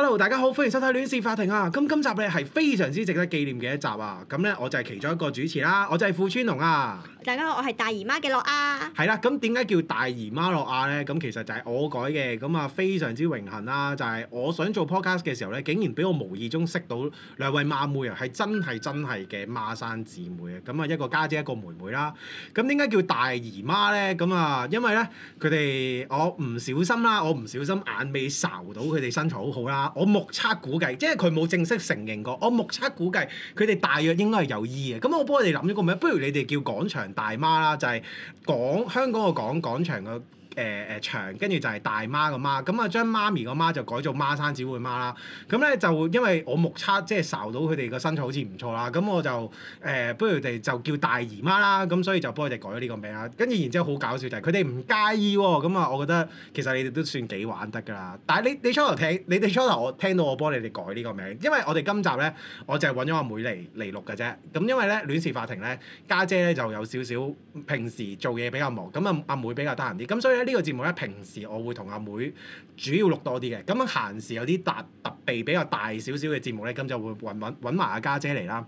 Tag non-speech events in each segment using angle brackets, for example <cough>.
Hello，大家好，歡迎收睇《戀事法庭》啊！咁今集咧係非常之值得紀念嘅一集啊！咁咧，我就係其中一個主持啦，我就係富川龍啊！大家好，我係大姨媽嘅諾亞。係啦，咁點解叫大姨媽諾亞咧？咁其實就係我改嘅，咁啊非常之榮幸啦！就係、是、我想做 podcast 嘅時候咧，竟然俾我無意中識到兩位孖妹啊，係真係真係嘅孖生姊妹啊！咁啊，一個家姐，姐，一個妹妹啦。咁點解叫大姨媽咧？咁啊，因為咧佢哋我唔小心啦，我唔小心眼尾睄到佢哋身材好好啦。我目測估計，即係佢冇正式承認過。我目測估計，佢哋大約應該係有意嘅。咁我幫你哋諗一個名，不如你哋叫廣場大媽啦，就係廣，香港嘅廣，廣場嘅。誒誒、呃、長，跟住就係大媽個媽，咁啊將媽咪個媽就改做孖生姊妹媽啦。咁呢，就因為我目測即係睄到佢哋個身材好似唔錯啦，咁我就誒、呃、不如佢哋就叫大姨媽啦。咁所以就幫佢哋改咗呢個名啦。跟住然之後好搞笑就係佢哋唔介意喎、哦，咁啊我覺得其實你哋都算幾玩得㗎啦。但係你你初頭聽，你哋初頭我聽到我幫你哋改呢個名，因為我哋今集呢，我就係揾咗阿妹嚟嚟錄㗎啫。咁因為呢，戀事法庭呢，家姐，姐呢就有少少平時做嘢比較忙，咁啊阿妹比較得閒啲，咁所以咧。呢個節目呢，平時我會同阿妹，妹主要錄多啲嘅，咁樣閒時有啲特別比較大少少嘅節目呢，咁就會揾揾揾埋阿家姐嚟啦。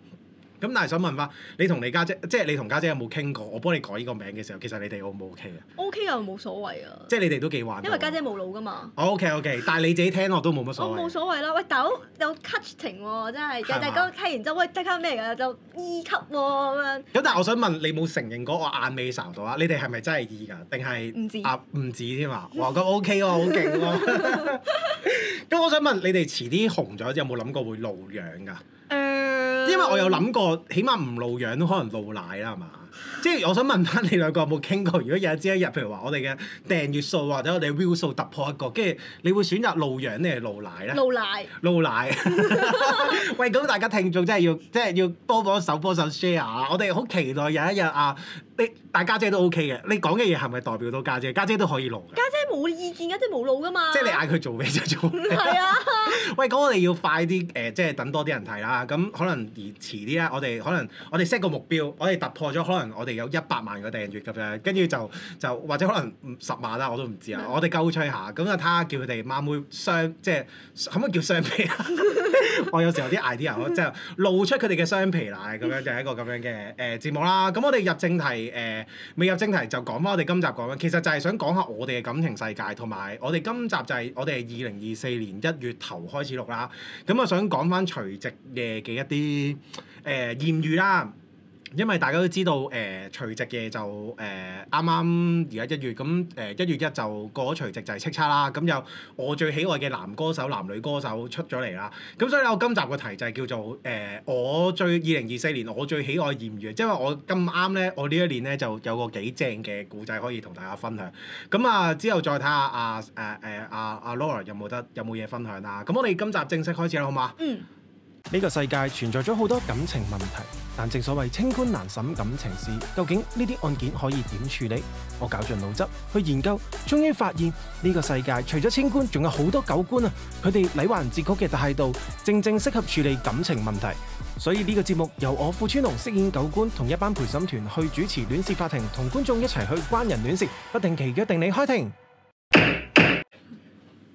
咁但係想問翻，你同你家姐,姐，即係你同家姐,姐有冇傾過？我幫你改呢個名嘅時候，其實你哋 O 唔 O K 啊？O K 又冇所謂啊。即係你哋都幾話。因為家姐冇腦噶嘛。O K O K，但係你自己聽我都冇乜所謂。我冇所謂啦。喂，豆有 cutting 喎，真係，又大家 cut 完之後，喂即刻咩嚟㗎？就二、e、級喎、哦、咁樣。咁但係我想問，你冇承認過我眼尾睄到啊？你哋係咪真係二㗎？定係啊唔止添啊，我佢 O K 喎，好勁喎。咁 <laughs> <laughs> <laughs> <laughs> 我想問你哋遲啲紅咗，之後有冇諗過會露樣㗎？誒，uh、因為我有諗過，起碼唔露樣都可能露奶啦，係嘛？ <laughs> 即係我想問翻你兩個有冇傾過？如果有一朝一日，譬如話我哋嘅訂閱數或者我哋 view 數突破一個，跟住你會選擇露樣定係露奶咧？露奶。露奶。 <laughs> <laughs> 喂，咁大家聽眾真係要，即係要多幫,幫手幫手 share 啊！我哋好期待有一日啊，你大家姐,姐都 OK 嘅，你講嘅嘢係咪代表到家姐,姐？家姐,姐都可以露㗎。冇意見㗎，即係冇腦㗎嘛！即係你嗌佢做咩就做咩。係啊！ <laughs> 喂，咁我哋要快啲誒、呃，即係等多啲人睇啦。咁可能而遲啲啦，我哋可能我哋 set 個目標，我哋突破咗，可能我哋有一百萬個訂閱㗎啫。跟住就就或者可能十萬啦，我都唔知啊。的我哋鳩吹下咁啊，就睇下叫佢叫佢哋孖妹雙，雙即係可唔可以叫雙皮啊？ <laughs> <laughs> 我有時候啲 idea 即係露出佢哋嘅雙皮奶咁樣，就係、是、一個咁樣嘅誒節目啦。咁我哋入正題誒、呃，未入正題就講返我哋今集講嘅，其實就係想講下我哋嘅感情世界同埋，我哋今集就係我哋係二零二四年一月頭開始錄啦，咁啊想講翻除夕夜嘅一啲誒艷遇啦。呃因為大家都知道，誒除夕嘅就誒啱啱而家一月，咁誒一月一就過咗除夕就係叱咤啦。咁又我最喜愛嘅男歌手、男女歌手出咗嚟啦。咁所以我今集嘅題就係叫做誒、呃、我最二零二四年我最喜愛艷遇，即係我咁啱呢，我呢一年呢就有個幾正嘅故仔可以同大家分享。咁啊，之後再睇下阿誒誒阿阿 Laura 有冇得有冇嘢分享啊？咁我哋今集正式開始啦，好嘛？嗯。呢個世界存在咗好多感情問題，但正所謂清官難審感情事，究竟呢啲案件可以點處理？我絞盡腦汁去研究，終於發現呢個世界除咗清官，仲有好多狗官啊！佢哋禮還治曲嘅態度，正正適合處理感情問題。所以呢個節目由我付川龍飾演狗官，同一班陪審團去主持戀事法庭，同觀眾一齊去關人戀事，不定期約定你開庭。 <coughs>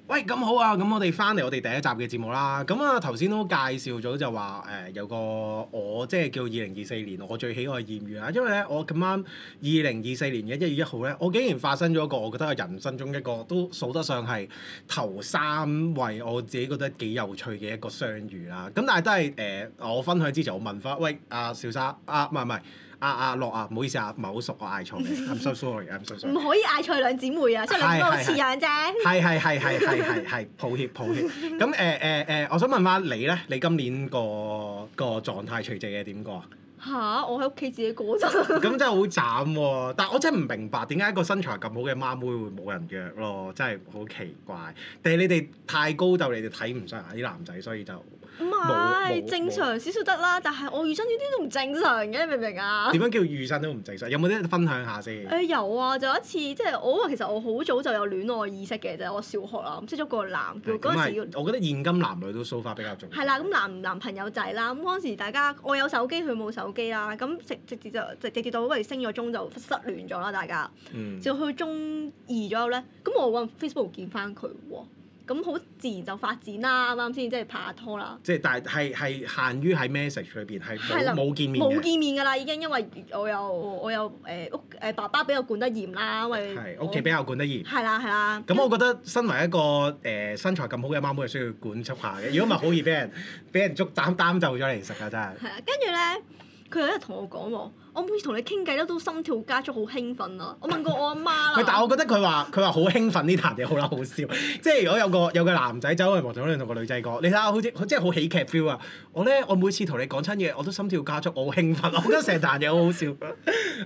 喂，咁好啊！咁我哋翻嚟我哋第一集嘅節目啦。咁啊，頭先都介紹咗就話誒、呃、有個我即係叫二零二四年我最喜愛嘅豔遇啦。因為咧，我咁啱二零二四年嘅一月一號咧，我竟然發生咗一個我覺得係人生中一個都數得上係頭三位我自己覺得幾有趣嘅一個相遇啦。咁但係都係誒、呃，我分享之前我問翻喂阿、啊、小沙啊，唔係唔係。阿阿樂啊，唔、啊、好意思啊，唔係好熟，我嗌錯你。I'm so sorry，I'm so sorry。唔 so 可以嗌錯兩姊妹啊，出兩哥似樣啫、 <laughs> <laughs> 啊。係係係係係係抱歉，抱歉。咁誒誒誒，我想問翻你呢，你今年個個狀態除夕夜點過啊？嚇！我喺屋企自己過咋。咁真係好慘喎！但我真係唔明白點解一個身材咁好嘅孖妹會冇人約咯？真係好奇怪。定係你哋太高就你哋睇唔上啲、啊、男仔，所以就～唔係沒正常沒少少得啦，但係我遇親呢啲都唔正常嘅，你明唔明啊？點樣叫遇親都唔正常？有冇啲分享下先？誒、欸、有啊，就有一次，即係我其實我好早就有戀愛意識嘅，就我小學啦，識咗個男。咁咪對？我覺得現今男女都 so far 比較重要。係啦，咁男男朋友仔啦，咁嗰陣時大家，我有手機，佢冇手機啦，咁直直接就直接到嗰陣升咗中就失聯咗啦，大家。大家嗯。就去中二左右呢，咁我揾 Facebook 見翻佢喎。咁好自然就發展啦，啱啱先即係拍下拖啦。即係但係係係限於喺 message 裏邊係冇冇見面冇見面㗎啦，已經因為我有我又誒、呃、屋誒、呃、爸爸比較管得嚴啦，因為屋企比較管得嚴。係啦係啦。咁我覺得身為一個誒、呃、身材咁好嘅孖妹，需要管束下嘅。的如果唔係好易俾人俾 <laughs> 人捉擔擔就咗嚟食㗎真係。係啊，跟住呢。佢有一日同我講喎，我每次同你傾偈咧都心跳加速，好興奮啊！我問過我阿媽啦。 <laughs> 但係我覺得佢話佢話好興奮呢壇嘢好撚好笑，好笑 <laughs> 即係如果有個有個男仔走去望左邊同個女仔講，你睇下好似即係好喜劇 feel 啊！我呢，我每次同你講親嘢我都心跳加速，我好興奮啊！ <laughs> 我覺得成壇嘢好好笑。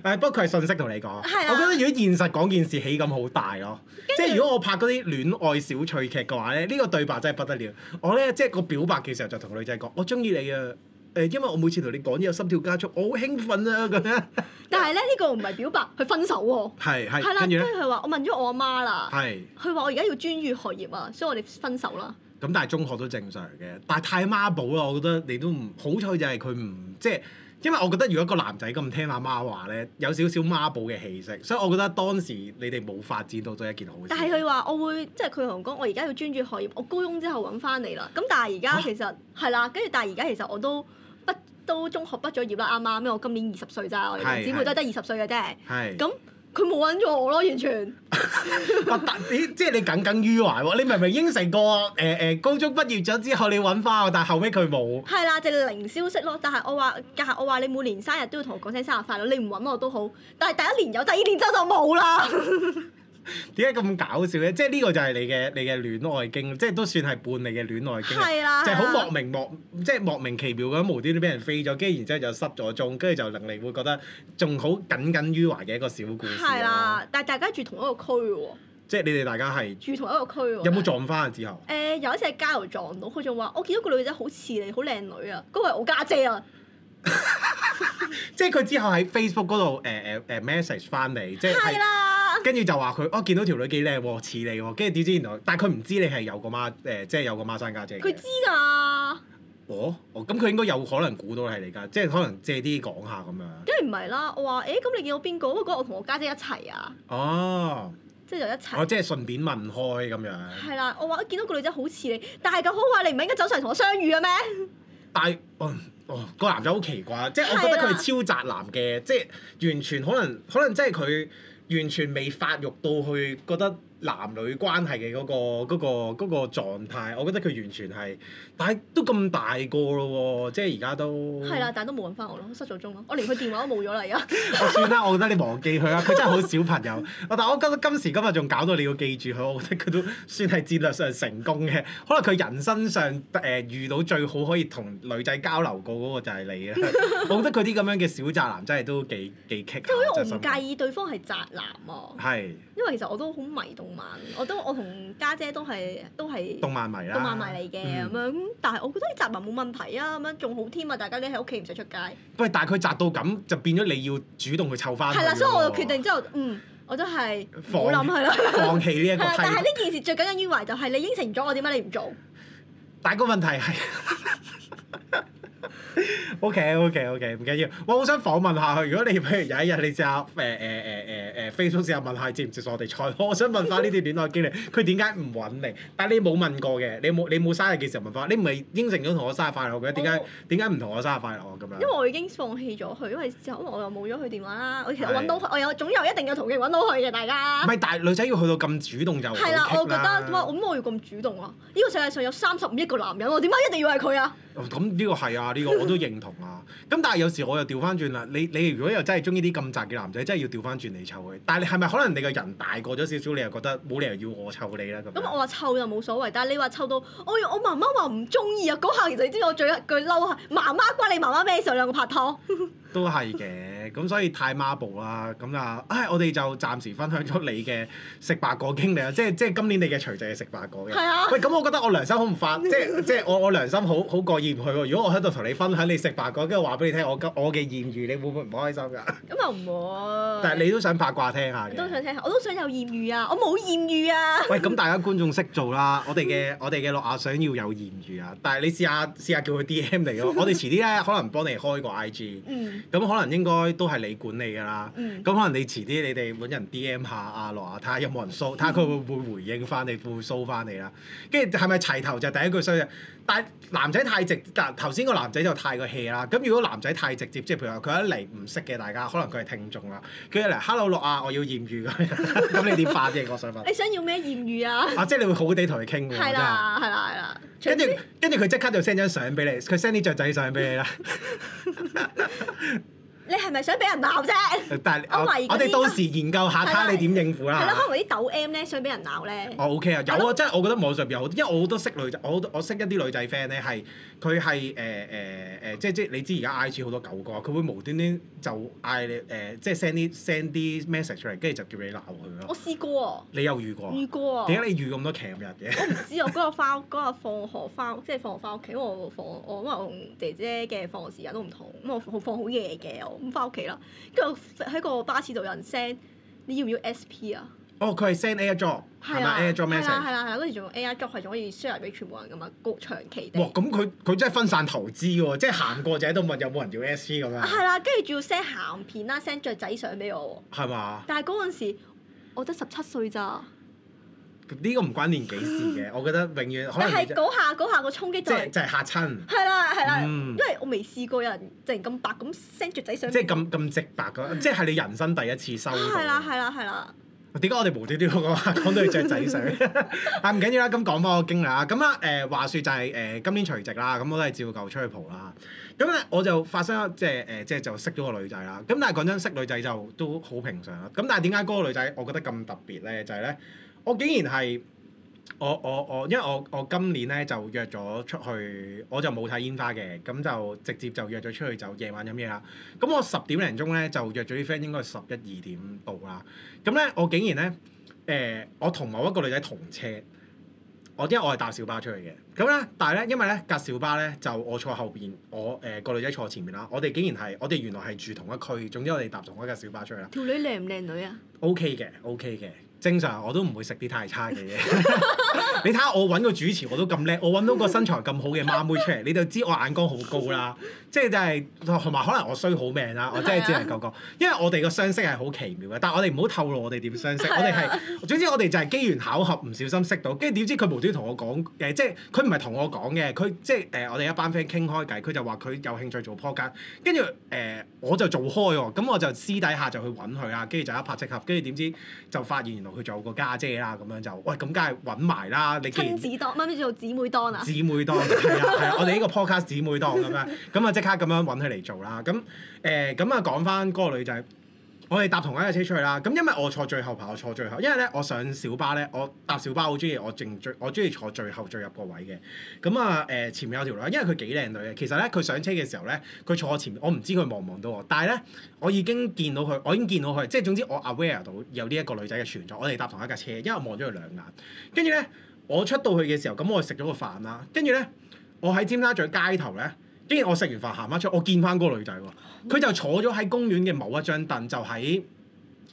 誒 <laughs> <laughs> 不過佢係信息同你講，啊、我覺得如果現實講件事喜感好大咯。著即係如果我拍嗰啲戀愛小趣劇嘅話呢，呢、呢個對白真係不得了。我呢，即係個表白嘅時候就同個女仔講：我中意你啊！誒，因為我每次同你講嘢心跳加速，我好興奮啊。咁樣。但係咧，呢個唔係表白，係分手喎、啊。係係。係啦，跟住佢話：我問咗我阿媽啦。係。佢話：我而家要專注學業啊，所以我哋分手啦。咁但係中學都正常嘅，但係太媽寶啦，我覺得你都唔好彩就係佢唔即係，因為我覺得如果個男仔咁聽阿媽，媽話呢，有少少媽寶嘅氣息，所以我覺得當時你哋冇發展到咗一件好事。但係佢話：我會即係佢同我講，我而家要專注學業，我高中之後揾翻你啦。咁但係而家其實係啦，跟住、啊、但係而家其實我都。都中學畢咗業啦，啱啱因為我今年二十歲咋，是是我哋姊妹都得二十歲嘅啫。咁佢冇揾咗我咯，完全 <laughs> <laughs> 啊。即係你耿耿於懷喎，你明明應承過誒誒、呃、高中畢業咗之後你揾翻我，但係後尾佢冇。係啦、啊，就係、零消息咯。但係我話，但係我話你每年生日都要同我講聲生日快樂。你唔揾我都好，但係第一年有，第二年之後就冇啦。 <laughs> 點解咁搞笑咧？即係呢個就係你嘅你嘅戀愛經，即係都算係伴你嘅戀愛經，啊、就係好莫名、啊、莫，即係莫名其妙咁無端端俾人飛咗，跟住然之後就失咗蹤，跟住就令你會覺得仲好耿耿於懷嘅一個小故事。係啦、啊，但係大家住同一個區喎、哦。即係你哋大家係住同一個區喎、哦。是有冇撞翻啊？之後誒、呃、有一次喺街度撞到，佢仲話：我見到個女仔好似你好靚女啊，嗰、嗰個係我家姐，姐啊！ <laughs> 即係佢之後喺 Facebook 嗰度誒誒、呃、誒、呃呃、message 翻你，即係跟住就話佢哦見到條女幾靚喎似你喎，跟住點知原來但係佢唔知你係有個孖誒，即係有個孖生家姐。佢知㗎。哦，咁佢應該有可能估到係你㗎，即係可能借啲講下咁樣。梗係唔係啦？我話誒咁你見到邊個？不過我同我家姐，姐一齊啊。哦。即係就一齊。我即係順便問開咁樣。係啦，我話我見到個女仔好似你，但係嘅好話你唔係應該走上嚟同我相遇嘅咩？但係、嗯哦，個男仔好奇怪，即係我覺得佢係超宅男嘅，是啊、即係完全可能，可能即係佢完全未發育到去覺得。男女關係嘅嗰個嗰個嗰個狀態，我覺得佢完全係，但係都咁大個咯喎，即係而家都。係啦，但係都冇揾翻我咯，失咗蹤咯，我連佢電話都冇咗啦而家。我 <laughs> <laughs> 算啦，我覺得你忘記佢啦，佢真係好小朋友。 <laughs> 但係我覺得今時今日仲搞到你要記住佢，我覺得佢都算係戰略上成功嘅。可能佢人生上誒、呃、遇到最好可以同女仔交流過嗰個就係你啦。 <laughs> 我覺得佢啲咁樣嘅小宅男真係都幾幾棘。即係因為我唔介意對方係宅男啊。係的。因為其實我都好迷我都我同家姐、姐都係都係動漫迷啦，動漫迷嚟嘅咁樣，但係我覺得你集埋冇問題啊，咁樣仲好添啊，大家咧喺屋企唔使出街。不過但係佢宅到咁就變咗你要主動去湊翻。係啦，所以我決定之後，嗯，我都、就、係、是、放、放棄呢、這、一個。 <laughs> 了但係呢件事最耿耿於懷就係你應承咗我，點解你唔做？但係個問題係。 <laughs> O K O K O K 唔緊要，我好想訪問下，佢。如果你譬如有一日你試下誒誒誒誒誒 Facebook 試,試問下問下接唔接受我哋採訪，我想問翻呢段戀愛經歷，佢點解唔揾你？但你冇問過嘅，你冇你冇生日嘅時候問翻？你唔係應承咗同我生日快樂嘅點解點解唔同我生日快樂咁樣？因為我已經放棄咗佢，因為因為我又冇咗佢電話啦。我其實揾到，佢的，我有總有一定嘅途徑揾到佢嘅，大家。唔係，但係女仔要去到咁主動就係啦。我覺得哇，點解我要咁主動啊？呢個世界上有三十五億個男人，我點解一定要係佢啊？咁呢、哦、個係啊，呢、呢個我都認同啊。咁 <laughs> 但係有時我又調翻轉啦。你你如果又真係中意啲咁雜嘅男仔，真係要調翻轉嚟湊佢。但係你係咪可能你個人大個咗少少，你又覺得冇理由要我湊你啦咁。咁我話湊又冇所謂，但係你話湊到我、哎、我媽媽話唔中意啊！嗰下其實你知道我最一句嬲係媽媽關你媽媽咩事？你兩個拍拖。 <laughs> 都係嘅，咁所以太媽部啦。咁啊，唉，我哋就暫時分享咗你嘅食白果經歷啊。即係今年你嘅長仔係食白果嘅。係啊。喂，咁我覺得我良心好唔發，即係我 <laughs> 我良心好好過。嫌棄喎！如果我喺度同你分享你食白果，跟住話俾你聽，我今我嘅艷遇，你會唔會唔開心㗎？咁又唔會。但係你都想八卦聽下。我都想聽下，我都想有艷遇啊！我冇艷遇啊。喂，咁大家觀眾識做啦，我哋嘅 <laughs> 我哋嘅樂亞想要有艷遇啊！但係你試下試下叫佢 D.M. 你咯、啊， <laughs> 我哋遲啲呢，可能幫你開個 I.G.，咁 <laughs> 可能應該都係你管理㗎啦。咁 <laughs> 可能你遲啲你哋揾人 D.M. 下阿樂亞，睇下有冇人蘇，睇下佢會唔會回應翻你，會唔會蘇翻你啦？跟住係咪齊頭就第一句衰啊、就是？但男仔太直太，但頭先個男仔就太過氣啦。咁如果男仔太直接，即係譬如話佢一嚟唔識嘅，大家可能佢係聽眾啦。佢一嚟，hello 六啊，我要艷遇，咁 <laughs> <laughs> 你點辦啫？我想問。你想要咩艷遇啊？啊，即係你會好好地同佢傾㗎。係啦的，係啦的，係啦。跟住跟住佢即刻就 send 張相俾你，佢 send 啲雀仔相俾你啦。 <laughs> <laughs> 你係咪想俾人鬧啫？ <laughs> 我哋到時研究下睇下你點應付啦。係咯，可能啲抖 M 呢，想俾人鬧呢？我 OK 啊，有啊，即係我覺得網上邊有，因為我好多識女仔，我我識一啲女仔 friend 呢係佢係誒誒誒，即係你知而家 IG 好多狗哥，佢會無端端就嗌你誒，即係 send 啲 send 啲 message 出嚟，跟住就叫你鬧佢咯。呃、我試過啊！你又遇過？遇過啊！點解你遇咁多劇日嘅？我唔知啊！嗰日翻嗰日放學翻即係放學翻屋企，因為我放我同姐姐嘅放學時間都唔同，咁我放放好夜嘅。咁返屋企啦，跟住喺個巴士度有人 send 你要唔要 SP 啊？哦，佢係 send AirDrop 係咪 AirDrop 咩先？係啦係啦，嗰時仲用 AirDrop 係仲可以 share 俾全部人噶嘛，高長期的。哇、哦！咁佢佢真係分散投資喎，即係行過就喺度問有冇人要 SP 咁樣。係啦、啊，跟住仲要 send 鹹片啦，send 雀仔相俾我喎。係嘛吧？但係嗰陣時，我得十七歲咋。呢個唔關年紀事嘅，嗯、我覺得永遠可能。但係嗰下嗰下個衝擊就係、是、即係嚇親。係啦係啦，啊嗯、因為我未試過有人突然咁白咁 send 雀仔相。即係咁咁直白㗎，樣即係係、嗯、你人生第一次收到。係啦係啦係啦。點解、啊啊啊、我哋無端端講講到雀仔相？ <laughs> <laughs> 啊唔緊要啦，咁講返我經歷啦。咁啊誒話説就係、是、誒、呃、今年除夕啦，咁我都係照舊出去蒲啦。咁呢，我就發生即、呃、即就一即係誒即係就識咗個女仔啦。咁但係講真識女仔就都好平常啦。咁但係點解嗰個女仔我覺得咁特別呢？就係、是、呢。我竟然係我我我，因為我我今年咧就約咗出去，我就冇睇煙花嘅，咁就直接就約咗出去就夜晚飲嘢啦。咁我十點零鐘咧就約咗啲 friend，應該係十一二點到啦。咁咧我竟然咧誒、呃，我同某一個女仔同車。我因為我係搭小巴出去嘅，咁咧但係咧因為咧架、那個、小巴咧就我坐後邊，我誒、呃那個女仔坐前面啦。我哋竟然係我哋原來係住同一區，總之我哋搭同一架小巴出去啦。條女靚唔靚女啊？O K 嘅，O K 嘅。Okay。正常我都唔會食啲太差嘅嘢。你睇下我揾個主持，我都咁叻，我揾到個身材咁好嘅孖妹出嚟，你就知我眼光好高啦。 <laughs> 即係就係同埋可能我衰好命啦， <laughs> 我真係只能夠講。因為我哋個相識係好奇妙嘅，但係我哋唔好透露我哋點相識。 <laughs> 我哋係總之我哋就係機緣巧合唔小心識到，無無跟住點知佢無端同我講，誒、呃、即係佢唔係同我講嘅，佢即係誒、呃、我哋一班 friend 傾開偈，佢就話佢有興趣做 podcast，跟住誒我就做開喎，咁我就私底下就去揾佢啦，跟住就一拍即合，跟住點知就發現原來。去做個家姐，姐啦，咁樣就喂，咁梗係揾埋啦。你既然，咪咪做姊妹檔啊？姊妹檔、就係，係啊係啊，我哋呢個 podcast 姊妹檔咁 <laughs> 樣，咁啊即刻咁樣揾佢嚟做啦。咁誒，咁啊講翻嗰個女仔。我哋搭同一架車出去啦，咁因為我坐最後排，我坐最後，因為咧我上小巴咧，我搭小巴好中意我淨我中意坐最後最入個位嘅。咁啊誒前面有條女，因為佢幾靚女嘅。其實咧佢上車嘅時候咧，佢坐我前面。我唔知佢望唔望到我，但係咧我已經見到佢，我已經見到佢，即係總之我 aware 到有呢一個女仔嘅存在。我哋搭同一架車，因為我望咗佢兩眼，跟住咧我出到去嘅時候，咁我食咗個飯啦，跟住咧我喺尖沙咀街頭咧。跟住我食完飯行翻出去，我見翻嗰個女仔喎，佢就坐咗喺公園嘅某一張凳，就喺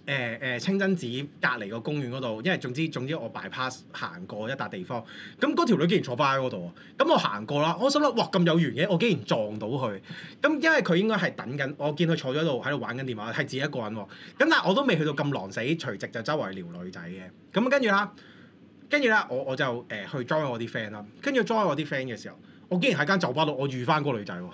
誒誒清真寺隔離個公園嗰度。因為總之總之我 bypass 行過一笪地方，咁嗰條女竟然坐翻喺嗰度喎。咁我行過啦，我心諗哇咁有緣嘅，我竟然撞到佢。咁因為佢應該係等緊，我見佢坐咗喺度喺度玩緊電話，係自己一個人喎。咁但係我都未去到咁狼死，隨即就周圍撩女仔嘅。咁跟住啦，跟住啦，我我就誒、呃、去 join 我啲 friend 啦。跟住 join 我啲 friend 嘅時候。我竟然喺間酒吧度，我遇翻嗰個女仔喎！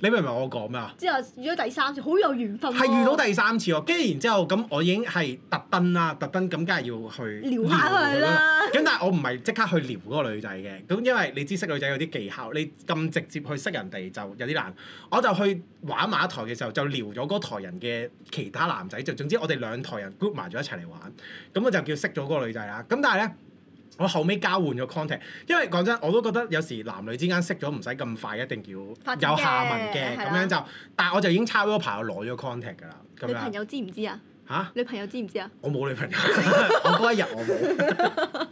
你明唔明我講咩啊？之後遇咗第三次，好有緣分喎！係遇到第三次喎，跟住、啊、然之後咁，我已經係特登啦，特登咁，梗係要去撩一下佢啦。咁 <laughs> 但係我唔係即刻去撩嗰個女仔嘅，咁因為你知識女仔有啲技巧，你咁直接去識人哋就有啲難。我就去玩埋一台嘅時候，就撩咗嗰台人嘅其他男仔，就總之我哋兩台人 group 埋咗一齊嚟玩，咁我就叫識咗嗰個女仔啦。咁但係呢。我後尾交換咗 contact，因為講真，我都覺得有時男女之間識咗唔使咁快，一定要有下文嘅，咁樣就，對吧 但係我就已經差唔多，我攞咗 contact 㗎啦。你朋友知唔知啊？嚇！你朋友知唔知啊？我冇女朋友， <laughs> <laughs> 我嗰一日我冇。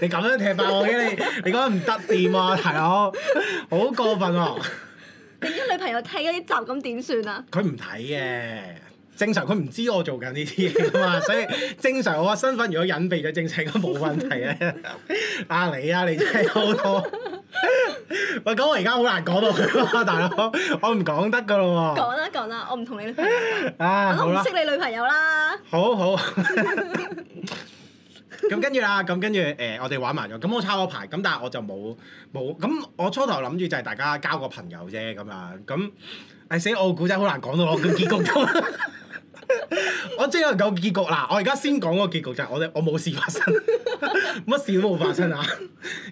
<laughs> 你咁樣踢爆我嘅你，你覺得唔得掂啊？大佬，好過分喎，啊！你啲女朋友睇嗰啲集咁點算啊？佢唔睇嘅。正常佢唔知我做緊呢啲嘢噶嘛， <laughs> 所以正常我嘅身份如果隱蔽咗，正常都冇問題啊， <laughs> 啊！啊你啊，你真係好多，喂，咁我而家好難講到佢啊，大佬，我唔講得噶咯喎。講啦講啦，我唔同你啊，我唔識你女朋友 <laughs> 啦。好好。咁跟住啦，咁跟住誒，我哋玩埋咗，咁我抄咗牌，咁但係我就冇冇，咁我初頭諗住就係大家交個朋友啫，咁啊，咁唉，死、哎、我個古仔好難講到我嘅結局。 <laughs> <laughs> 我知係講結局啦！我而家先講個結局,個結局就係、係、我哋我冇事發生，乜事都冇發生啊！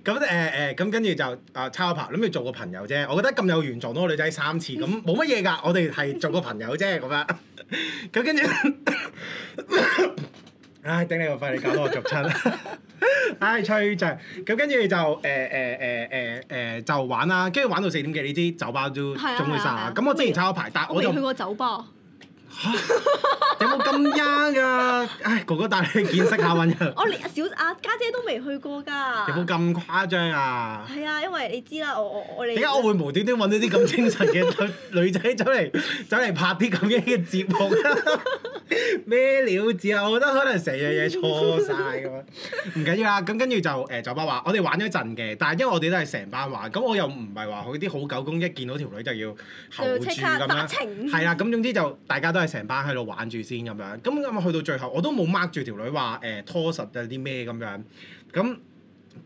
咁誒誒咁跟住就啊抄牌，呃、抄排，諗住做個朋友啫。我覺得咁有緣撞到個女仔三次，咁冇乜嘢㗎。我哋係做個朋友啫咁樣。咁跟住，唉、嗯嗯嗯哎、頂你個肺！你搞到我逐親，唉吹漲。咁跟住就唉，唉、呃，唉、呃，唉、呃，誒、呃呃呃、就玩啦。跟住玩到四點幾，你知酒吧都總會散啦。咁、啊、我之前抄一排，我沒但我未嚇！ <music> 啊、有冇咁啱㗎？唉、哎，哥哥帶你去見識下揾人。 <laughs> 我你小啊家姐，姐都未去過㗎。 <laughs> 有冇咁誇張啊？係啊，因為你知啦，我我我你。點解 <laughs> 我會無端端揾到啲咁精神嘅女女仔走嚟走嚟拍啲咁樣嘅節目？咩料子啊？我覺得可能成樣嘢錯晒。咁啊！唔緊要啦，咁跟住就誒酒吧玩，我哋玩咗一陣嘅，但係因為我哋都係成班玩，咁我又唔係話佢啲好狗公一見到條女就要後住咁啊？係啦，咁總之就大家都係。成班喺度玩住先咁樣，咁咁去到最後我都冇 mark 住條女話誒拖實有啲咩咁樣，咁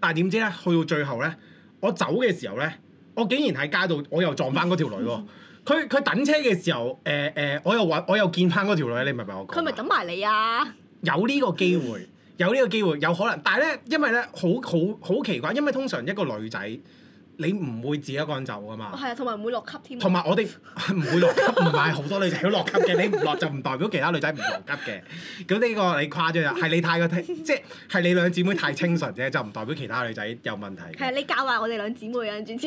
但係點知咧？去到最後咧，我走嘅時候咧，我竟然喺街度我又撞翻嗰條女喎。佢佢 <laughs> 等車嘅時候誒誒、呃呃，我又揾我又見翻嗰條女，你明唔明我講咩？佢咪等埋你啊！有呢個機會，有呢個機會有可能，但係咧，因為咧好好好奇怪，因為通常一個女仔。你唔會自己一個人走噶嘛？係啊、哦，同埋唔會落級添。同埋我哋唔會落級，唔係好多女仔要落級嘅。你唔落就唔代表其他女仔唔落級嘅。咁呢個你誇張啦，係你太過 <laughs> 即係你兩姊妹太清純啫，就唔代表其他女仔有問題。係啊，你教壞我哋兩姊妹啊！轉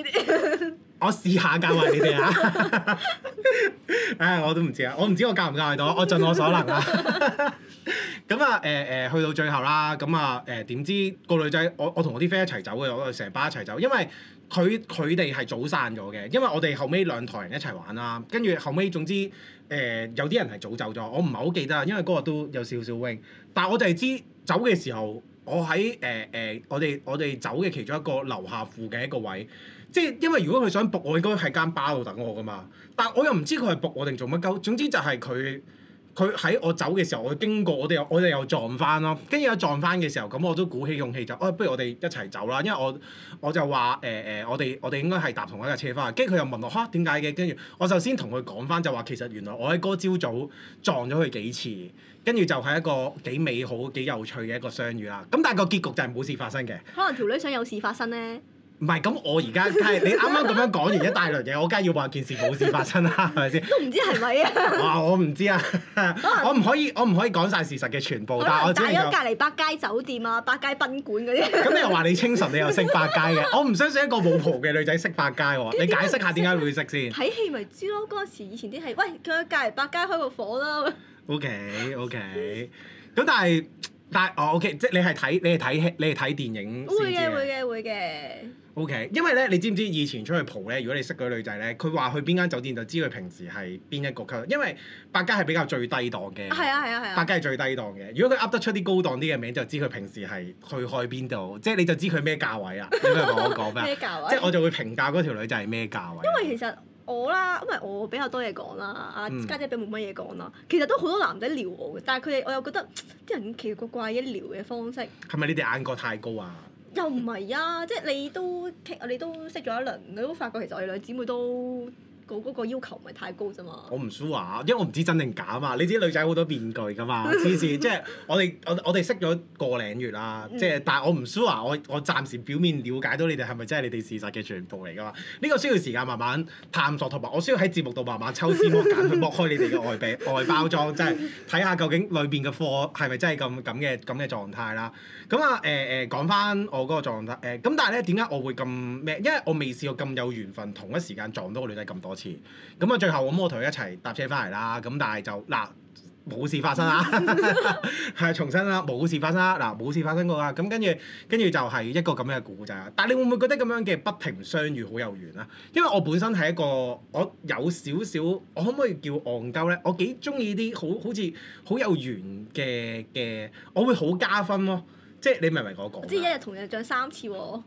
<laughs> 我試下教埋你哋啊！ <laughs> 唉，我都唔知啊，我唔知我教唔教你到，我盡我所能啦、啊 <laughs> 嗯。咁啊，誒誒，去到最後啦，咁、嗯、啊，誒、呃、點知個女仔，我我同我啲 friend 一齊走嘅，我哋成班一齊走，因為佢佢哋係早散咗嘅，因為我哋後尾兩枱人一齊玩啦，跟住後尾，總之誒、呃、有啲人係早走咗，我唔係好記得，因為嗰日都有少少 wing，但我就係知走嘅時候我、呃呃，我喺誒誒我哋我哋走嘅其中一個樓下附近一個位。即因為如果佢想僕我，我應該喺間巴度等我噶嘛。但我又唔知佢係僕我定做乜鳩。總之就係佢佢喺我走嘅時候，我經過我又，我哋我哋又撞翻咯。跟住一撞翻嘅時候，咁我都鼓起勇氣就，哦、哎，不如我哋一齊走啦。因為我我就話誒誒，我哋我哋應該係搭同一架車翻去。跟住佢又問我嚇點解嘅？啊、跟住我就先同佢講翻，就話其實原來我喺嗰朝早撞咗佢幾次，跟住就係一個幾美好幾有趣嘅一個相遇啦。咁但係個結局就係冇事發生嘅。可能條女想有事發生咧。唔係，咁我而家梗係你啱啱咁樣講完一大輪嘢，我梗係要話件事冇事發生啦，係咪先？都唔知係咪啊！哇！我唔知啊， <laughs> <laughs> <laughs> 我唔可以，我唔可以講晒事實嘅全部，可能 但係我知有隔離百佳酒店啊，百佳賓館嗰啲。咁 <laughs> 你又話你清純，你又識百佳嘅？我唔相信一個冇蒲嘅女仔識百佳喎，啊， <laughs> 你解釋下點解會識先？睇戲咪知咯，嗰陣時以前啲戲，喂佢喺隔離百佳開個火啦。O K O K，咁但係。但係哦，OK，即你係睇你係睇戲，你係睇電影先知嘅。會嘅，會嘅，會嘅。OK，因為呢，你知唔知以前出去蒲呢？如果你識嗰個女仔呢，佢話去邊間酒店就知佢平時係邊一個級，因為百佳係比較最低檔嘅。係啊係啊係啊！百佳係最低檔嘅。如果佢噏得出啲高檔啲嘅名，就知佢平時係去開邊度，即你就知佢咩價位啦。咁又話我講咩？咩價位？即我就會評價嗰條女仔係咩價位。因為其實。我啦，因為我比較多嘢講啦，阿家、嗯、姐，姐比冇乜嘢講啦，其實都好多男仔撩我嘅，但係佢哋我又覺得啲人奇奇怪怪，一撩嘅方式。係咪你哋眼角太高啊？又唔係啊！即係你都傾，我哋都識咗一輪，你都發覺其實我哋兩姊妹都。個、嗰個要求唔係太高啫嘛。我唔 sure 啊，因為我唔知真定假啊嘛。你知女仔好多面具㗎嘛，黐線。 <laughs> 即係我哋我哋識咗個零月啊，嗯、即係但係我唔 sure 啊，我我暫時表面了解到你哋係咪真係你哋事實嘅全部嚟㗎嘛？呢、呢個需要時間慢慢探索同埋，我需要喺節目度慢慢抽絲剝繭去剝開你哋嘅外皮 <laughs> 外包裝，即係睇下究竟裏邊嘅貨係咪真係咁咁嘅咁嘅狀態啦。咁啊誒誒講翻我嗰個狀態誒，咁、呃、但係呢，點解我會咁咩？因為我未試過咁有緣分同一時間撞到個女仔咁多。次咁啊，最後我咪同佢一齊搭車翻嚟啦。咁但係就嗱，冇事發生啦。係 <laughs> <laughs> 重新啦，冇事發生啦。嗱，冇事發生過啦。咁跟住，跟住就係一個咁樣嘅故仔啦。但係你會唔會覺得咁樣嘅不停相遇好有緣啊？因為我本身係一個我有少少，我可唔可以叫戇鳩呢？我幾中意啲好好似好有緣嘅嘅，我會好加分咯、哦。即你明唔明嗰個？即一日同人撞三次喎、哦。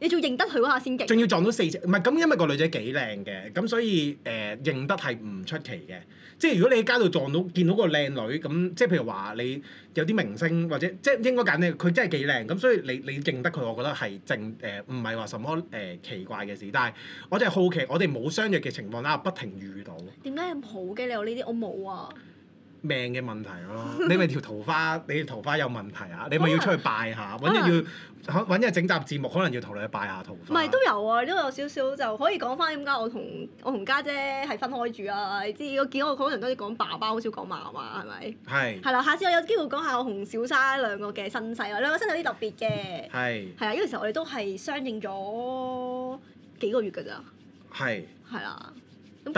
你仲認得佢嗰下先勁？仲要撞到四隻，唔係咁，因為個女仔幾靚嘅，咁所以誒、呃、認得係唔出奇嘅。即係如果你喺街度撞到見到個靚女，咁即係譬如話你有啲明星或者即係應該揀你，佢真係幾靚，咁所以你你認得佢，我覺得係正誒，唔係話什麼誒、呃、奇怪嘅事。但係我就係好奇，我哋冇相約嘅情況下不停遇到。點解咁好嘅？你有呢啲，我冇啊。命嘅問題咯， <laughs> 你咪條桃花，你條桃花有問題啊，你咪能要出去拜下，揾日要揾日能整集節目，可能要同你去拜下桃花。唔係都有啊，呢個有少少就可以講返點解我同我同家姐係分開住啊？你知我見我可能都都講爸爸，好少講媽媽，係咪？係是。係啦，下次我有機會講下我同小沙兩個嘅身世啊，兩個身世有啲特別嘅。係是。係啊，因為其實我哋都係相認咗幾個月㗎咋。係的。係啦。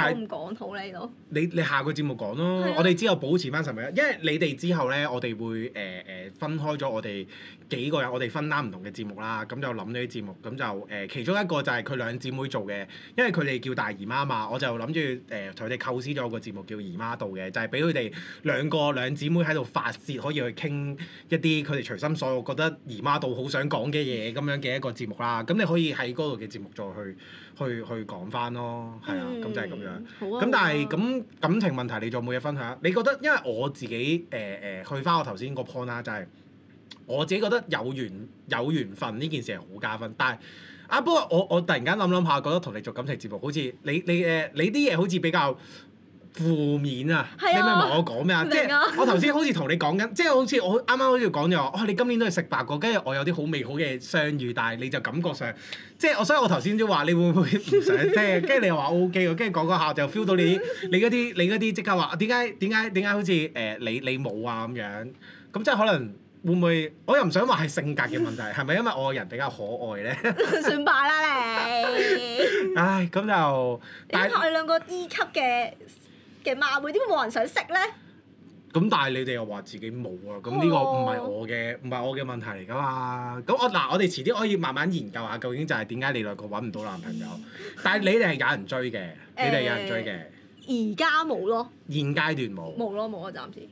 我唔講好你咯。你下個節目講咯。是啊、我哋之後保持翻神秘，因為你哋之後呢，我哋會誒誒、呃呃、分開咗我哋幾個人，我哋分擔唔同嘅節目啦。咁就諗咗啲節目，咁就誒、呃、其中一個就係佢兩姊妹做嘅，因為佢哋叫大姨媽嘛，我就諗住誒同佢哋構思咗個節目叫姨媽道嘅，就係俾佢哋兩個兩姊妹喺度發泄，可以去傾一啲佢哋隨心所欲，覺得姨媽道好想講嘅嘢咁樣嘅一個節目啦。咁你可以喺嗰度嘅節目再去。去去講翻咯，係啊，咁就係咁樣。咁但係咁感情問題，你仲有冇嘢分享？你覺得因為我自己誒誒、呃呃，去翻我頭先個 point 啦，就係、是、我自己覺得有緣有緣分呢件事係好加分。但係啊，不過我我突然間諗諗下，覺得同你做感情節目好似你你誒、呃、你啲嘢好似比較負面啊！你明唔明我講咩啊？即係我頭先好似同你講緊， <laughs> 即係好似我啱啱好似講咗話，哇、哦！你今年都係食白果，跟住我有啲好美好嘅相遇，但係你就感覺上，即係我，所以我頭先都話你會唔會唔想聽？跟住 <laughs> 你又話 OK 喎，跟住講嗰下就 feel 到你 <laughs> 你嗰啲你嗰啲即刻話點解點解點解好似誒、呃、你你冇啊咁樣？咁、嗯、即係可能會唔會？我又唔想話係性格嘅問題，係咪 <laughs> 因為我個人比較可愛呢？ <laughs> 算吧啦你。 <laughs> 唉，咁就。點解 <laughs> 我哋兩個 E 級嘅？嘅嘛會點會冇人想識咧？咁但係你哋又話自己冇啊，咁呢個唔係我嘅，唔係、oh. 我嘅問題嚟㗎嘛？咁我嗱，我哋遲啲可以慢慢研究下，究竟就係點解你兩個揾唔到男朋友？ <laughs> 但係你哋係有人追嘅，欸、你哋有人追嘅。而家冇咯。現階段冇。冇咯，冇啊，暫時。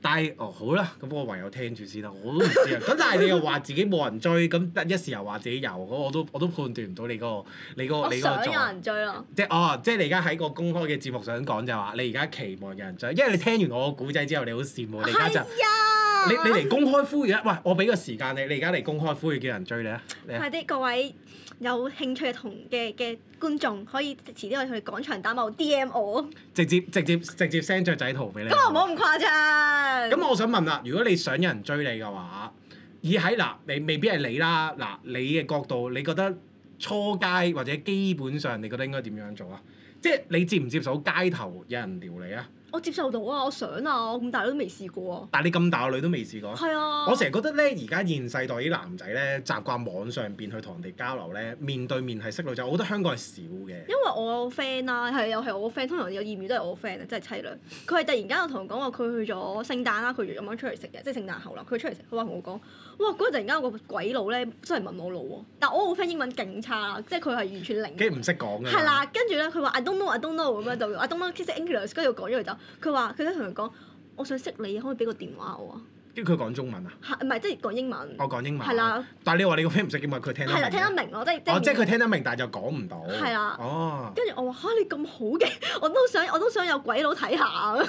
但係，哦好啦，咁我唯有聽住先啦，我都唔知啊。咁 <laughs> 但係你又話自己冇人追，咁一一時又話自己有，咁我都我都判斷唔到你嗰個你嗰個你嗰個。嗰個、我想個有人追咯！即係哦，即你而家喺個公開嘅節目上講就話，你而家期望有人追，因為你聽完我個故仔之後，你好羨慕你而家就。你你嚟公開呼籲啊，喂！我俾個時間你，你而家嚟公開呼籲要叫人追你啊！快啲各位有興趣同嘅嘅觀眾，可以遲啲可以去廣場打某 D.M. 我直接直接直接 send 雀仔圖俾你。咁又冇咁誇張。咁我想問啦，如果你想有人追你嘅話，而喺嗱，未未必係你啦。嗱、呃，你嘅角度，你覺得初階或者基本上，你覺得應該點樣做啊？即係你接唔接受街頭有人撩你啊？我接受到啊，我想啊，我咁大女都未試過啊。但係你咁大個女都未試過？係啊，是啊、我成日覺得呢，而家現世代啲男仔呢，習慣網上邊去同人哋交流呢，面對面係識女仔，我覺得香港係少嘅。因為我個 friend 啦，係又係我個 friend，通常有艷遇都係我個 friend 啊，真係淒涼。佢係突然間又同我講話，佢去咗聖誕啦，佢約咗我出嚟食嘅，即係聖誕後啦，佢出嚟食，佢話同我講。哇！嗰、那、陣、個、間有個鬼佬咧真係問我老喎，但係我個 friend 英文勁差啦，即係佢係完全零。佢唔識講。係啦，跟住咧，佢話 I don't know, I don't know 咁樣就 I don't know, I don't k n s h 跟住我講咗佢走。佢話：佢都同佢講，我想識你，可唔可以俾個電話我啊？跟住佢講中文啊？唔係，即係講英文。我講英文。係啦的。但係你話你個 friend 唔識英文，佢聽得明。係咯，即係。佢、哦、聽得明，但係就講唔到。係啦的。跟住、哦、我話嚇、啊，你咁好嘅，我都想，我都想有鬼佬睇下 <laughs>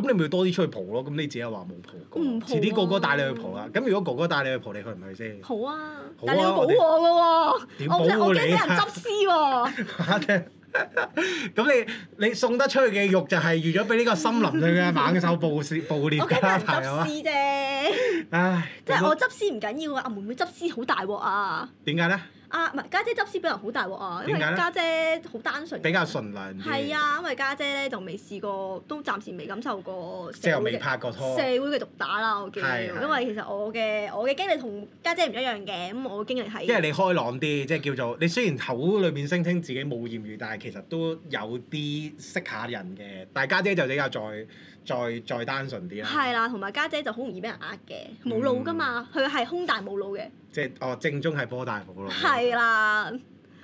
咁你咪多啲出去蒲咯，咁你自己話冇蒲過，扶啊、遲啲哥哥帶你去蒲啦。咁如果哥哥帶你去蒲，你去唔去先？好啊！好啊，但係你要保護我㗎喎，我我驚俾人執屍喎、啊。咁你、啊、 <laughs> <laughs> 你，你送得出去嘅肉就係預咗俾呢個森林嘅猛獸捕獵捕獵。我驚俾人執屍啫。唉。即係我執屍唔緊要啊，阿妹妹執屍好大鑊啊。點解咧？啊，唔係家姐執事俾人好大鑊啊！因為家姐好單純，比較純良。係啊，因為家姐咧就未試過，都暫時未感受過即係未拍過拖，社會嘅毒打啦。我記住，是是是因為其實我嘅我嘅經歷同家姐唔一樣嘅，咁、嗯、我嘅經歷係即係你開朗啲，即係叫做你雖然口裏邊聲稱自己冇艷遇，但係其實都有啲識下人嘅。但家姐，姐就比較再再再單純啲啦、啊。係啦，同埋家姐就好容易俾人呃嘅，冇腦噶嘛，佢係胸大冇腦嘅。即係哦，正宗係波大埔咯。係啦，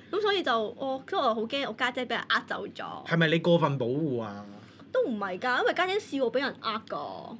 咁所以就哦，跟住我就好驚我家姐俾人呃走咗。係咪你過分保護啊？都唔係㗎，因為家姐試過俾人呃㗎。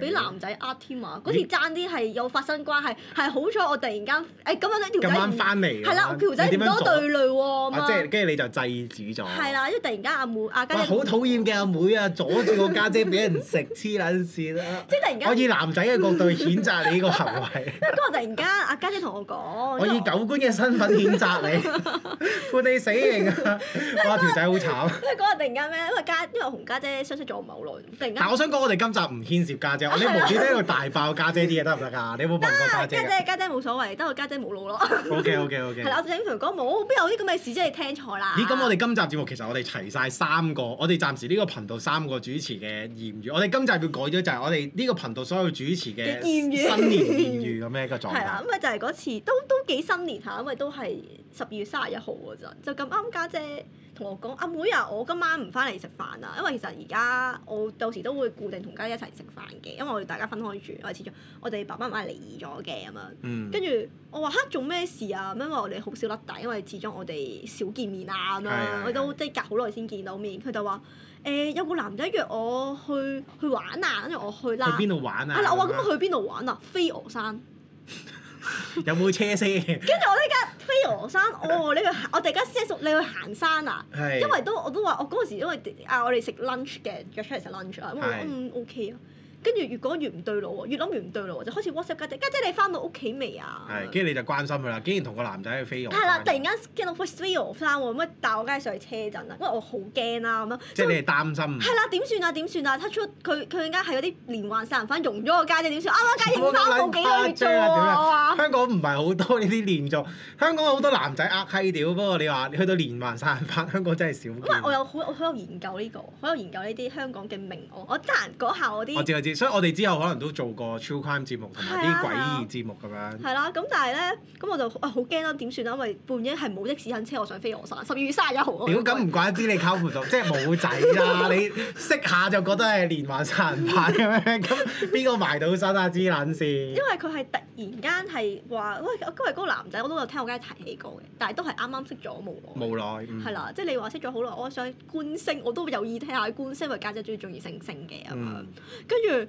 俾男仔呃添啊！嗰次爭啲係有發生關係，係好彩我突然間誒咁有得條。啱翻嚟。係啦，條仔唔多對類喎。即係跟住你就制止咗。係啦，因為突然間阿妹阿家姐，係好討厭嘅阿妹啊，阻住個家姐俾人食黐撚線啊！即係突然間。我以男仔嘅角度譴責你呢個行為。嗰日突然間，阿家姐同我講。我以狗官嘅身份譴責你，判你死刑啊！哇，條仔好慘。因為嗰日突然間咩？因為家因為洪家姐相識咗我唔係好耐，突然間。但我想講，我哋今集唔譴。接家姐，姐，我哋無端端喺度大爆家姐啲嘢得唔得啊？你有冇問過家姐，姐，姐，姐？家姐冇所謂，得我家姐冇腦咯。O K O K O K，係啊，我上次同佢講冇，邊有啲咁嘅事，即係聽錯啦。咦？咁我哋今集節目其實我哋齊晒三個，我哋暫時呢個頻道三個主持嘅艷遇，我哋今集要改咗就係我哋呢個頻道所有主持嘅艷遇，新年艷遇咁樣一個狀態。係啦艷，咁 <laughs> 啊 <laughs> 就係嗰次都都。都幾新年下、啊，因為都係十二月三十一號喎，真就咁啱家姐同我講，阿、啊、妹啊，我今晚唔翻嚟食飯啊，因為其實而家我到時都會固定同家姐一齊食飯嘅，因為我哋大家分開住，因為始終我哋爸爸媽媽離異咗嘅咁樣。跟住、嗯、我話嚇做咩事啊？因為我哋好少甩底，因為始終我哋少見面啊咁樣，哎、呀我都即係隔好耐先見到面。佢就話誒、欸、有個男仔約我去去玩啊，跟住我去啦。去邊度玩啊？啦、啊，我話咁去邊度玩啊？飛鵝山。 <laughs> <laughs> 有冇車先？跟住 <laughs> 我呢間飛鵝山， <laughs> 哦，你去行？我突然間 set 咗你去行山啊？是因為都我都話我嗰陣時因為啊我哋食 lunch 嘅，約出嚟食 lunch 啊，咁嗯，是嗯 OK 啊。跟住越講越唔對路喎，越諗越唔對路喎，就開始 WhatsApp 家姐，家姐家姐你翻到屋企未啊？係，跟住你就關心佢啦。竟然同個男仔去飛鵝山。係啦，突然間見到飛飛落山喎！乜帶來後我家姐上去車震啦，因為我好驚啊！咁即是 樣。即係以你係擔心。係啦，點算啊？點算啊？Touch up 佢，佢而家係嗰啲連環殺人犯，融咗個家姐點算？啊，啱家姐唔翻好幾個月喎。香港唔係好多呢啲連續，香港好多男仔呃閪屌，不過你話你去到連環殺人犯，香港真係少。因為我有好好有，有，有研究呢、這個，好有研究呢啲香港嘅名案，我得閒講下我啲。我所以我哋之後可能都做過 True Crime 節目同埋啲詭異節目咁樣。係啦。係咁但係呢，咁我就啊好驚咯，點算啊？因為半夜係冇的士肯車，我想飛鵝山十二月三十一號。屌，咁唔怪得知你溝唔到，即係冇仔啦！你識下就覺得係連環殺人犯咁樣，咁邊個埋到身啊？知撚先？因為佢係突然間係話喂，因為嗰個男仔我都有聽我家姐提起過嘅，但係都係啱啱識咗無耐。無耐。係啦，即係你話識咗好耐，我想觀星，我都有意聽下觀星，因為家姐最中意星星嘅咁樣，跟住。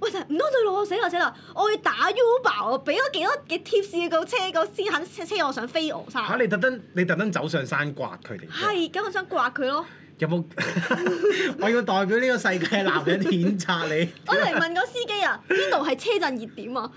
喂！成唔多對路我死喇死喇，我要打 Uber 啊！俾咗幾多嘅貼士個車個先肯車我上飛鵝山。嚇、啊！你特登你特登走上山刮佢哋。係，咁我、哎、想刮佢咯。有冇沒？ <laughs> 我要代表呢個世界男人譴責你。 <laughs> <laughs> 我嚟問個司機啊，邊度係車震熱點啊？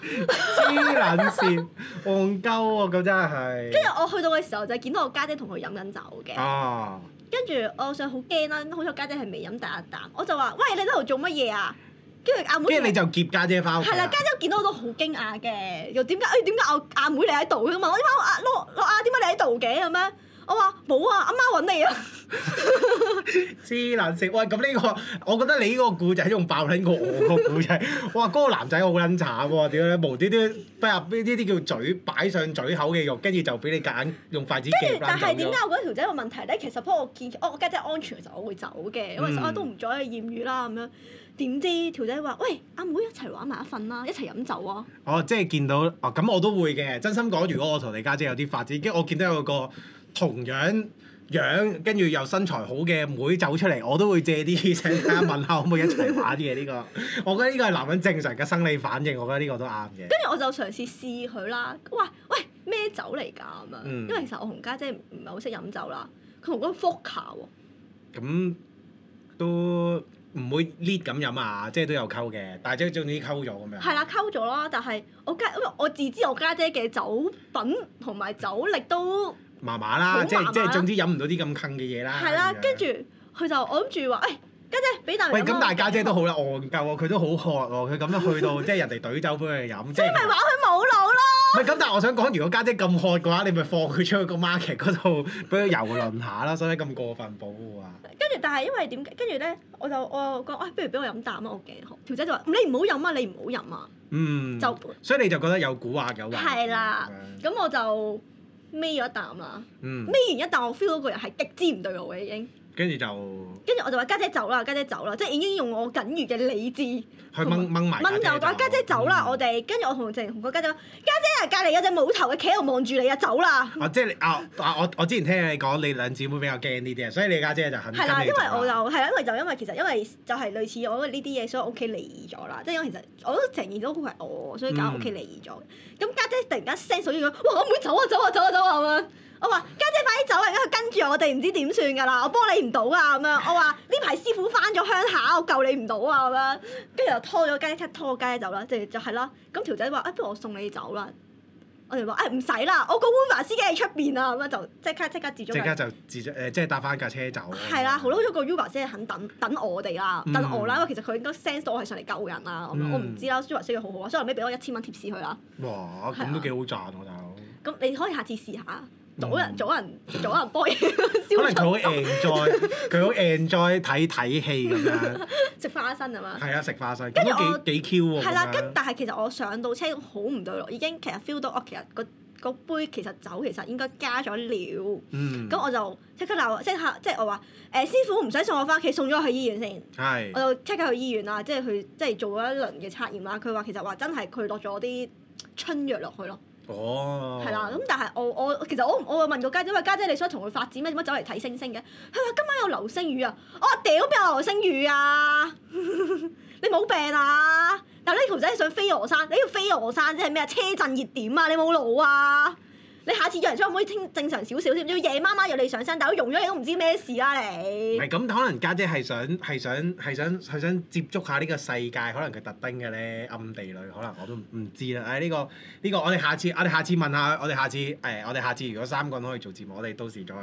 黐撚線，憨鳩喎！咁真係。跟住我去到嘅時候就見到我家姐同佢飲緊酒嘅。跟住、啊、我想好驚啦，好在家姐係未飲第一啖，我就話：喂，你喺度做乜嘢啊？跟住阿妹，跟住你就劫家 <noise> 就姐翻屋企。係啦，家姐見到我都好驚訝嘅，又點解？誒點解我阿妹你喺度嘅？問我點解我阿攞攞點解你喺度嘅咁樣？我話冇啊，阿、啊啊啊啊啊啊、媽揾你啊。黐撚食！喂！咁呢、呢個我覺得你呢個故仔仲爆撚過我個故仔。哇！嗰、嗰個男仔好撚慘喎、啊！點解無端端不入呢啲叫嘴擺上嘴口嘅肉，跟住就俾你夾硬用筷子夾，跟住但係點解我覺得條仔個問題呢？其實不過我見、啊、我家姐，姐安全，其實我會走嘅，因為我都唔阻你艷遇啦咁樣。點知條仔話：喂，阿妹一齊玩埋一份啦，一齊飲酒啊！Oh, 哦，即係見到哦，咁我都會嘅。真心講，如果我同你家姐，姐有啲發展，跟住我見到有個同樣樣，樣跟住又身材好嘅妹，妹走出嚟，我都會借啲請大家問下可唔可以一齊玩嘅呢、 <laughs> 呢個。我覺得呢個係男人正常嘅生理反應，我覺得呢個都啱嘅。跟住我就嘗試試佢啦。喂喂，咩酒嚟㗎？咁啊、嗯，因為其實我同家姐唔係好識飲酒啦。佢同嗰個 vodka 喎。咁、嗯、都～唔會烈咁飲啊，即都有溝嘅，但係即係總之溝咗咁樣。係啦，溝咗啦，但係我家我自知我家姐嘅酒品同埋酒力都麻麻啦、嗯，即係即係總之飲唔到啲咁坑嘅嘢啦。係啦，跟住佢就我諗住話誒。哎跟住俾大，喂咁大家姐都好啦，戇鳩喎，佢都好渴喎，佢咁樣去到即係人哋隊酒俾佢飲，即係咪話佢冇腦咯？喂咁，但係我想講，如果家姐咁渴嘅話，你咪放佢出去個 market 嗰度俾佢遊輪下啦，使唔使咁過分保護啊？跟住，但係因為點？跟住呢，我就我就講，不如俾我飲啖啊！我頸渴，條仔就話：你唔好飲啊！你唔好飲啊！嗯，就所以你就覺得有蠱惑嘅話，係啦。咁我就孭咗一啖啦。嗯，孭完一啖，我 feel 到個人係極之唔對路嘅已經。跟住就，跟住我就話家姐，姐走啦，家姐，姐，姐，姐走啦，即已經用我僅餘嘅理智去，掹掹埋，家姐，姐走啦，嗯、我哋跟住我同鄭洪哥家姐，姐，家、嗯、姐，姐啊隔離有隻冇頭嘅企喺度望住你啊走啦！哦哦、 <laughs> 啊啊啊我我之前聽你講你兩姊妹比較驚呢啲啊，所以你家姐，姐就肯定係啦，因為我就係、嗯、因，因為就因為就係類似我呢啲嘢，所以我屋企離異咗啦。即因為其實我都承認咗，佢係我，所以搞到屋企離異咗。咁家、嗯嗯、姐，姐突然間聲所應該，哇！我妹，妹走啊走啊走啊走啊係咪？我話家姐,姐快啲走啦、啊！而家佢跟住我哋唔知點算噶啦！我幫你唔到啊！咁樣我話呢排師傅翻咗鄉下，我救你唔到啊！咁樣跟住就拖咗家姐，拖個家姐走啦。就就係啦。咁條仔話：不、哎、如我送你走啦、啊。我哋話：唉、哎，唔使啦，我個 Uber 司機喺出邊啊！咁樣就即刻即刻接咗。即刻就接咗誒，即係搭翻架車走。係啦的，嗯、好彩個 Uber 先肯等等我哋啦，等我啦。因為其實佢應該 sense 到我係上嚟救人啦。咁、嗯、樣我唔知啦，Uber 司機好好啊，所以後尾俾我一千蚊貼士佢啦。哇！咁都幾好賺喎、啊、就。咁你可以下次試下。早人早人早人 b o 可能佢好 enjoy 佢好 enjoy 睇睇戲咁樣。食花生啊嘛。係啊，食花生。跟住我幾幾 cute 喎。係啦，跟但係其實我上到車好唔對路，已經其實 feel 到我其實個個杯其實酒其實應該加咗料。咁我就即刻鬧，即刻即我話誒師傅唔使送我翻屋企，送咗我去醫院先。係。我就即刻去醫院啦，即係去即係做咗一輪嘅測驗啦。佢話其實話真係佢落咗啲春藥落去咯。哦，係啦，oh.，咁但係我我其實我我會問個家姐，姐，喂，家姐你想同佢發展咩？做乜走嚟睇星星嘅？佢話今晚有流星雨啊！我話屌邊有流星雨啊？ <laughs> 你冇病啊？但呢條仔想飛鵝山，你要飛鵝山即係咩啊？車震熱點啊？你冇腦啊？你下次約人出去，唔可，可以正常少少添？要夜媽媽約你上山，但係我融咗你都唔知咩事啊。你。唔係咁，可能家姐係想係想係想係想，想接觸下呢個世界，可能佢特登嘅呢，暗地裏，可能我都唔知啦。唉、哎，呢個呢個，這個、我哋下次我哋下次問下，我哋下次誒、哎，我哋下次如果三個人可以做節目，我哋到時再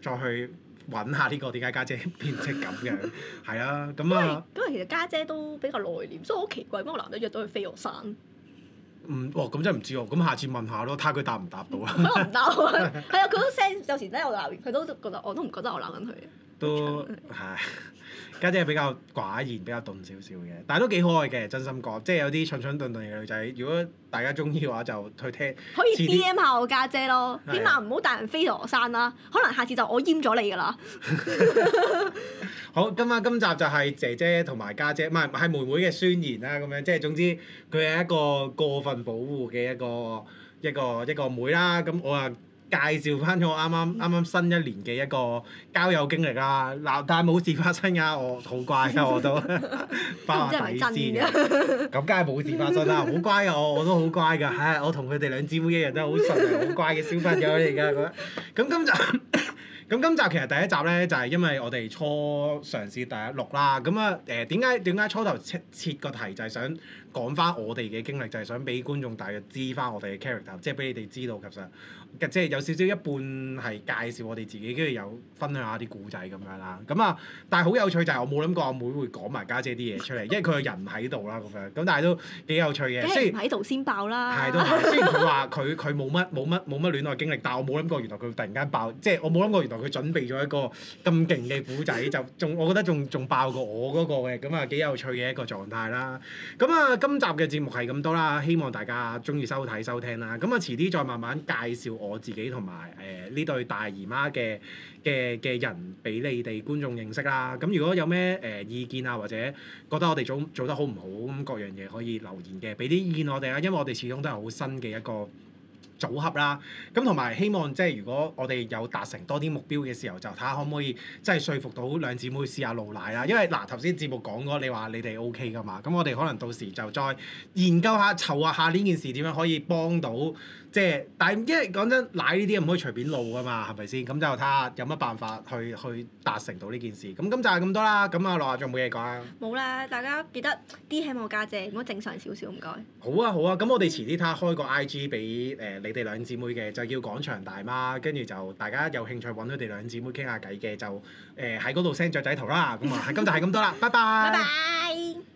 再去揾下呢、這個點解家姐變成咁樣，係 <laughs> 啊，咁為啊。因為其實家姐，姐都比較內斂，所以好奇怪，幫、那個男仔約到去飛鵝山。嗯，哇、哦，咁真係唔知喎，咁、嗯、下次問下咯，睇下佢答唔答到啊。佢都唔鬧啊，係佢 <laughs> <laughs> 都聲 <laughs> 有時咧，我鬧完，佢都覺得我都唔覺得我鬧緊佢都係。唉 <laughs> 家姐係比較寡言，比較鈍少少嘅，但係都幾可愛嘅，真心講。即係有啲蠢蠢鈍鈍嘅女仔，如果大家鍾意嘅話，就去聽可以 D M 點下我家姐，姐咯，起碼唔好帶人飛鵝山啦、啊。可能下次就我閹咗你㗎啦。 <laughs> <laughs> 好，今晚今集就係姐姐同埋家姐，唔係係妹妹嘅宣言啦。咁樣即係總之，佢係一個過分保護嘅一個一個一個妹啦。咁我。介紹翻我啱啱啱啱新一年嘅一個交友經歷啦，啊，嗱但係冇事發生呀，啊，我好乖噶我都 <laughs> <laughs> 包下體先。咁梗係冇事發生啦，啊，好乖噶我我都好乖噶，係，哎，我同佢哋兩姊妹一樣都好順好乖嘅小朋友嘅。而家咁，咁 <laughs> 今集咁 <laughs> 今集其實第一集呢，就係，是，因為我哋初嘗試第一錄啦，咁啊誒點解點解初頭切切個題就係想講翻我哋嘅經歷就係想俾觀眾大約知翻我哋嘅 character，即係俾你哋知道其實嘅即係有少少一半係介紹我哋自己，跟住有分享一下啲古仔咁樣啦。咁啊，但係好有趣就係我冇諗過阿妹會講埋家姐啲嘢出嚟，因為佢個人唔喺度啦咁樣。咁但係都幾有趣嘅，即係唔喺度先爆啦。都係，雖然佢話佢佢冇乜冇乜冇乜戀愛經歷，但係我冇諗過原來佢突然間爆，即係我冇諗過原來佢準備咗一個咁勁嘅古仔，就仲我覺得仲仲爆過我嗰個嘅。咁啊幾有趣嘅一個狀態啦。咁啊。今集嘅節目係咁多啦，希望大家鍾意收睇收聽啦。咁啊，遲啲再慢慢介紹我自己同埋誒呢對大姨媽嘅嘅嘅人俾你哋觀眾認識啦。咁如果有咩誒、呃、意見啊，或者覺得我哋做做得好唔好咁，各樣嘢可以留言嘅，俾啲意見我哋啊。因為我哋始終都係好新嘅一個組合啦，咁同埋希望即係如果我哋有達成多啲目標嘅時候，就睇下可唔可以即係說服到兩姊妹試下露奶啦。因為嗱頭先節目講過，你話你哋 OK 噶嘛，咁我哋可能到時就再研究下、籌劃下呢件事點樣可以幫到。即係，但係因為講真，奶呢啲唔可以隨便露噶嘛，係咪先？咁就睇下有乜辦法去去達成到呢件事。咁就係咁多啦。咁啊，羅華仲有冇嘢講啊？冇啦，大家記得啲喺我家姐，姐，咁樣正常少少，唔該、啊。好啊好啊，咁我哋遲啲睇下開個 IG 俾誒、呃、你哋兩姊妹嘅，就叫廣場大媽，跟住就大家有興趣揾佢哋兩姊妹傾下偈嘅，就誒喺嗰度 send 雀仔圖啦。咁啊，今集就係咁多啦，拜拜。拜。 <laughs> Bye bye.